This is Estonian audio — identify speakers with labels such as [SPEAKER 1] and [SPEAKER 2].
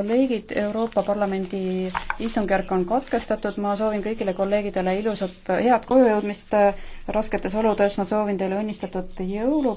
[SPEAKER 1] kolleegid, Euroopa Parlamendi istungjärk on katkestatud, ma soovin kõigile kolleegidele ilusat head kojujõudmist rasketes oludes, ma soovin teile õnnistatud jõulu.